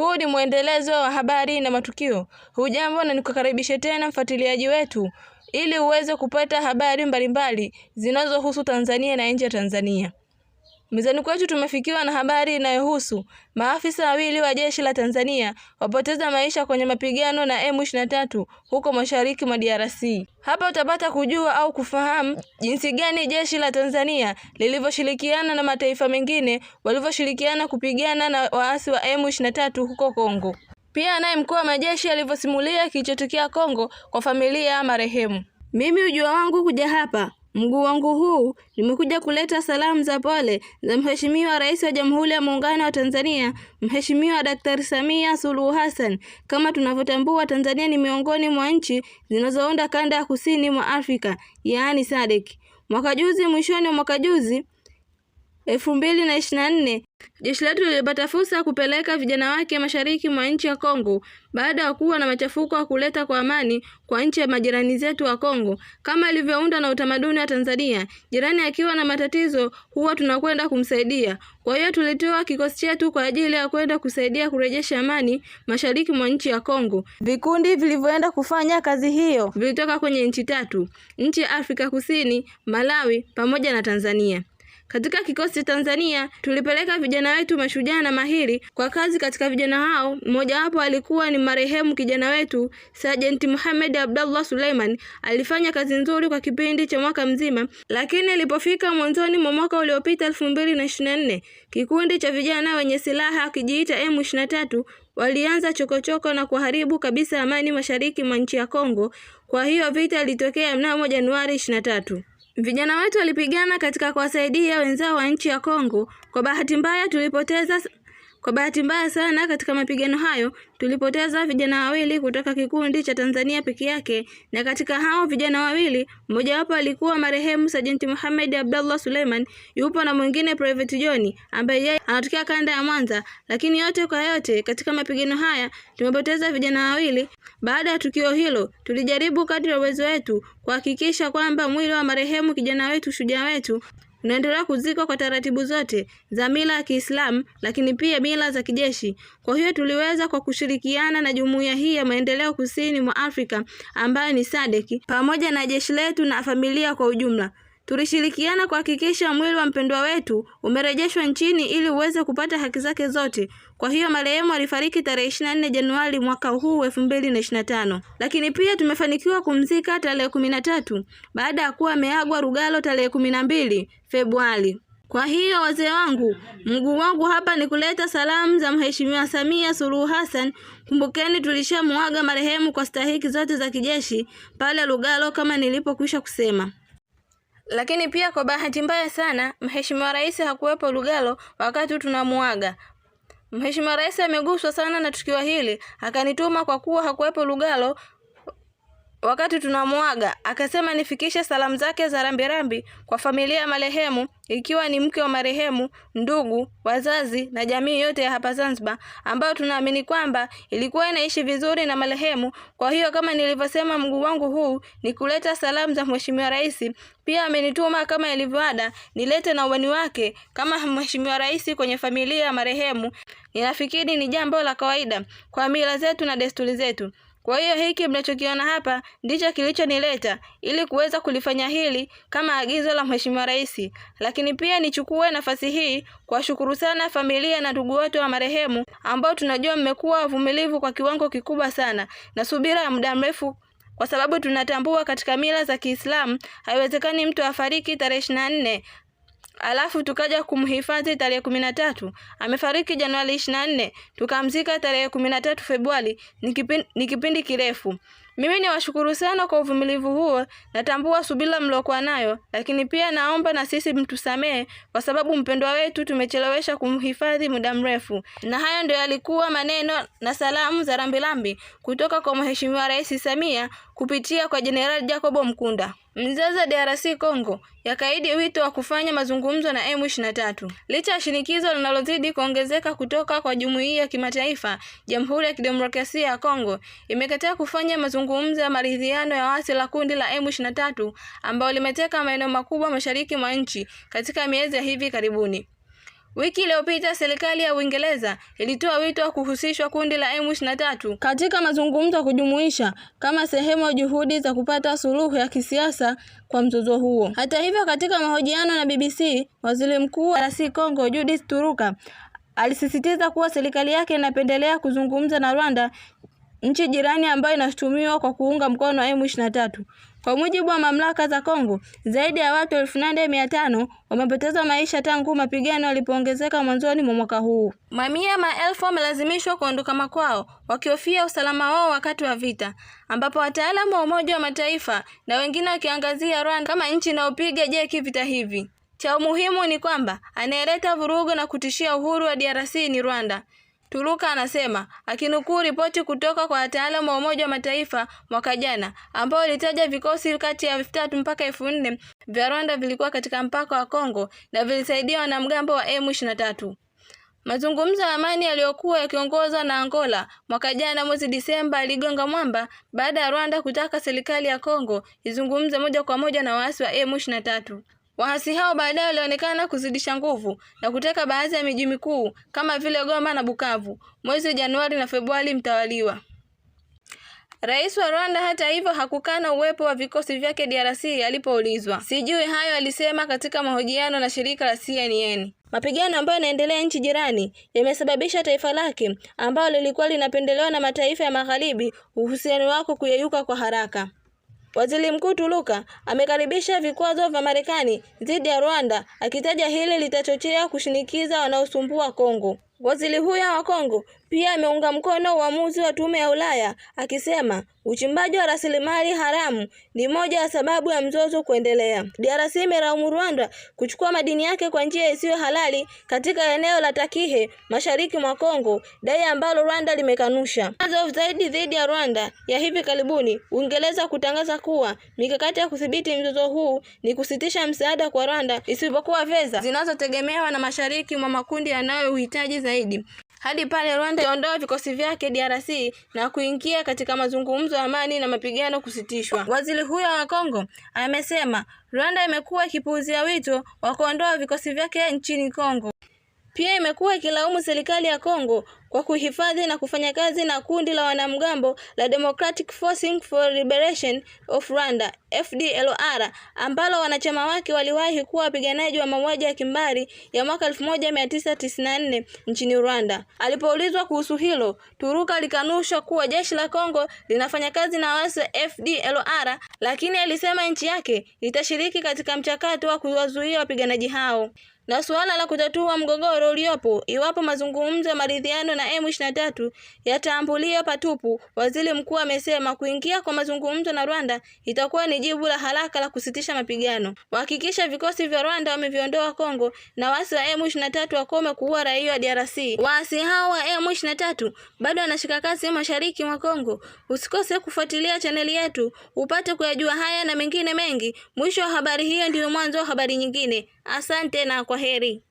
Huu ni mwendelezo wa habari na matukio. Hujambo na nikukaribishe tena mfuatiliaji wetu ili uweze kupata habari mbalimbali zinazohusu Tanzania na nje ya Tanzania. Mezani kwetu tumefikiwa na habari inayohusu maafisa wawili wa jeshi la Tanzania wapoteza maisha kwenye mapigano na M23 huko mashariki mwa DRC. Hapa utapata kujua au kufahamu jinsi gani jeshi la Tanzania lilivyoshirikiana na mataifa mengine walivyoshirikiana kupigana na waasi wa M23 huko Kongo. Pia naye mkuu wa majeshi alivyosimulia kilichotokea Kongo kwa familia ya marehemu. Mimi ujua wangu kuja hapa Mguu wangu huu nimekuja kuleta salamu za pole za Mheshimiwa Rais wa Jamhuri ya Muungano wa Tanzania, Mheshimiwa Daktari Samia Suluhu Hassan. Kama tunavyotambua, Tanzania ni miongoni mwa nchi zinazounda kanda ya kusini mwa Afrika, yaani SADC. Mwaka juzi, mwishoni mwa mwaka juzi elfu mbili na ishirini na nne jeshi letu lilipata fursa ya kupeleka vijana wake mashariki mwa nchi ya Kongo baada ya kuwa na machafuko ya kuleta kwa amani kwa nchi ya majirani zetu wa Kongo kama ilivyounda na utamaduni wa Tanzania. Jirani akiwa na matatizo huwa tunakwenda kumsaidia. Kwa hiyo tulitoa kikosi chetu kwa ajili ya kwenda kusaidia kurejesha amani mashariki mwa nchi ya Kongo. Vikundi vilivyoenda kufanya kazi hiyo vilitoka kwenye nchi tatu, nchi ya Afrika Kusini, Malawi pamoja na Tanzania. Katika kikosi cha Tanzania tulipeleka vijana wetu mashujaa na mahiri kwa kazi. Katika vijana hao mmojawapo alikuwa ni marehemu kijana wetu Sajenti Muhamed Abdallah Suleiman. Alifanya kazi nzuri kwa kipindi cha mwaka mzima, lakini ilipofika mwanzoni mwa mwaka uliopita elfu mbili na ishirini na nne kikundi cha vijana wenye silaha kijiita M23 walianza chokochoko na kuharibu kabisa amani mashariki mwa nchi ya Kongo. Kwa hiyo vita ilitokea mnamo Januari ishirini na tatu. Vijana wetu walipigana katika kuwasaidia wenzao wa nchi ya Kongo. Kwa bahati mbaya tulipoteza kwa bahati mbaya sana, katika mapigano hayo tulipoteza vijana wawili kutoka kikundi cha Tanzania peke yake, na katika hao vijana wawili mmojawapo alikuwa marehemu Sajenti Mohamed Abdallah Suleiman, yupo na mwingine Private John ambaye yeye anatokea kanda ya Mwanza. Lakini yote kwa yote, katika mapigano haya tumepoteza vijana wawili. Baada ya tukio hilo, tulijaribu kadri ya uwezo wetu kuhakikisha kwamba mwili wa marehemu kijana wetu, shujaa wetu unaendelea kuzikwa kwa taratibu zote za mila ya Kiislamu, lakini pia mila za kijeshi. Kwa hiyo tuliweza kwa kushirikiana na jumuiya hii ya maendeleo kusini mwa Afrika ambayo ni SADC pamoja na jeshi letu na familia kwa ujumla Tulishirikiana kuhakikisha mwili wa mpendwa wetu umerejeshwa nchini ili uweze kupata haki zake zote. Kwa hiyo marehemu alifariki tarehe 24 Januari mwaka huu 2025. Lakini pia tumefanikiwa kumzika tarehe 13 baada ya kuwa ameagwa Lugalo tarehe 12 Februari. Kwa hiyo wazee wangu, mguu wangu hapa ni kuleta salamu za Mheshimiwa Samia Suluhu Hassan. Kumbukeni tulishamuaga marehemu kwa stahiki zote za kijeshi pale Lugalo kama nilipokwisha kusema. Lakini pia kwa bahati mbaya sana, Mheshimiwa Rais hakuwepo Lugalo wakati tunamuaga. Mheshimiwa Rais ameguswa sana na tukio hili, akanituma kwa kuwa hakuwepo Lugalo wakati tunamwaga akasema nifikishe salamu zake za rambirambi kwa familia ya marehemu ikiwa ni mke wa marehemu, ndugu, wazazi na jamii yote ya hapa Zanzibar ambayo tunaamini kwamba ilikuwa inaishi vizuri na marehemu. Kwa hiyo kama nilivyosema, mguu wangu huu ni kuleta salamu za Mheshimiwa Rais. Pia amenituma kama ilivyoada nilete na uwani wake kama Mheshimiwa Rais kwenye familia ya marehemu. Ninafikiri ni jambo la kawaida kwa mila zetu na desturi zetu. Kwa hiyo hiki mnachokiona hapa ndicho kilichonileta ili kuweza kulifanya hili kama agizo la Mheshimiwa Rais, lakini pia nichukue nafasi hii kuwashukuru sana familia na ndugu wote wa marehemu ambao tunajua mmekuwa wavumilivu kwa kiwango kikubwa sana na subira ya muda mrefu kwa sababu tunatambua katika mila za Kiislamu haiwezekani mtu afariki tarehe ishirini na nne alafu tukaja kumhifadhi tarehe kumi na tatu. Amefariki Januari ishirini na nne, tukamzika tarehe kumi na tatu Februari. Ni kipindi kirefu. Mimi niwashukuru sana kwa uvumilivu huo. Natambua subira mliokuwa nayo, lakini pia naomba na sisi mtusamehe kwa sababu mpendwa wetu tumechelewesha kumhifadhi muda mrefu. Na hayo ndio yalikuwa maneno na salamu za rambirambi kutoka kwa Mheshimiwa Rais Samia kupitia kwa Jenerali Jacob Mkunda. Mzaza DRC Congo yakaidi wito wa kufanya mazungumzo na M23 licha ya shinikizo linalozidi kuongezeka kutoka kwa jumuiya ya kimataifa. Jamhuri ya Kidemokrasia ya Kongo imekataa kufanya mazungumzo ya maridhiano ya wasi la kundi la M23 ambao limeteka maeneo makubwa mashariki mwa nchi katika miezi ya hivi karibuni. Wiki iliyopita serikali ya Uingereza ilitoa wito wa kuhusishwa kundi la M23 katika mazungumzo ya kujumuisha kama sehemu ya juhudi za kupata suluhu ya kisiasa kwa mzozo huo. Hata hivyo, katika mahojiano na BBC, Waziri Mkuu wa DRC Congo Judith turuka alisisitiza kuwa serikali yake inapendelea kuzungumza na Rwanda nchi jirani ambayo inashutumiwa kwa kuunga mkono M23. Kwa mujibu wa mamlaka za Kongo, zaidi ya watu elfu nane mia tano wamepoteza maisha tangu mapigano yalipoongezeka mwanzoni mwa mwaka huu. Mamia maelfu wamelazimishwa kuondoka makwao wakihofia usalama wao wakati wa vita, ambapo wataalamu wa Umoja wa Mataifa na wengine wakiangazia Rwanda kama nchi inayopiga jeki vita hivi. Cha umuhimu ni kwamba anayeleta vurugu na kutishia uhuru wa DRC ni Rwanda turuka anasema akinukuu ripoti kutoka kwa wataalamu wa Umoja wa Mataifa mwaka jana, ambao ilitaja vikosi kati ya elfu tatu mpaka elfu nne vya Rwanda vilikuwa katika mpaka wa Kongo na vilisaidia wanamgambo wa M23. Mazungumzo ya amani yaliyokuwa yakiongozwa na Angola mwaka jana mwezi Disemba aligonga mwamba baada ya Rwanda kutaka serikali ya Kongo izungumze moja kwa moja na waasi wa M23. Waasi hao baadaye walionekana kuzidisha nguvu na kuteka baadhi ya miji mikuu kama vile Goma na Bukavu mwezi Januari na Februari mtawaliwa. Rais wa Rwanda hata hivyo hakukana uwepo wa vikosi vyake DRC alipoulizwa. Sijui hayo alisema katika mahojiano na shirika la CNN. Mapigano ambayo yanaendelea nchi jirani yamesababisha taifa lake ambalo lilikuwa linapendelewa na mataifa ya magharibi uhusiano wako kuyeyuka kwa haraka. Waziri Mkuu Tuluka amekaribisha vikwazo vya Marekani dhidi ya Rwanda akitaja hili litachochea kushinikiza wanaosumbua Kongo. Waziri huyo wa Kongo pia ameunga mkono uamuzi wa tume ya Ulaya akisema uchimbaji wa rasilimali haramu ni moja ya sababu ya mzozo kuendelea. DRC imelaumu Rwanda kuchukua madini yake kwa njia isiyo halali katika eneo la Takihe mashariki mwa Kongo, dai ambalo Rwanda limekanusha. Zaidi dhidi ya Rwanda ya hivi karibuni, Uingereza kutangaza kuwa mikakati ya kudhibiti mzozo huu ni kusitisha msaada kwa Rwanda isipokuwa fedha zinazotegemewa na mashariki mwa makundi yanayohitaji zaidi hadi pale Rwanda iondoa vikosi vyake DRC na kuingia katika mazungumzo ya amani na mapigano kusitishwa. Waziri huyo wa Kongo amesema Rwanda imekuwa ikipuuzia wito wa kuondoa vikosi vyake nchini Kongo. Pia imekuwa ikilaumu serikali ya Kongo kwa kuhifadhi na kufanya kazi na kundi la wanamgambo la Democratic Forces for Liberation of Rwanda FDLR ambalo wanachama wake waliwahi kuwa wapiganaji wa mauaji ya kimbari ya mwaka 1994 nchini Rwanda. Alipoulizwa kuhusu hilo, Turuka alikanusha kuwa jeshi la Kongo linafanya kazi na waasi wa FDLR, lakini alisema nchi yake itashiriki katika mchakato wa kuwazuia wapiganaji hao na suala la kutatua mgogoro uliopo iwapo mazungumzo ya maridhiano na M23 yataambulia patupu. Waziri mkuu amesema kuingia kwa mazungumzo na Rwanda itakuwa ni jibu la haraka la kusitisha mapigano, wahakikisha vikosi vya Rwanda wameviondoa Kongo na waasi wa M23 wakome kuua raia wa DRC. Waasi hao wa M23 bado wanashika kasi mashariki mwa Kongo. Usikose kufuatilia chaneli yetu upate kuyajua haya na mengine mengi. Mwisho wa habari hiyo ndio mwanzo wa habari nyingine. Asante na kwa Reri.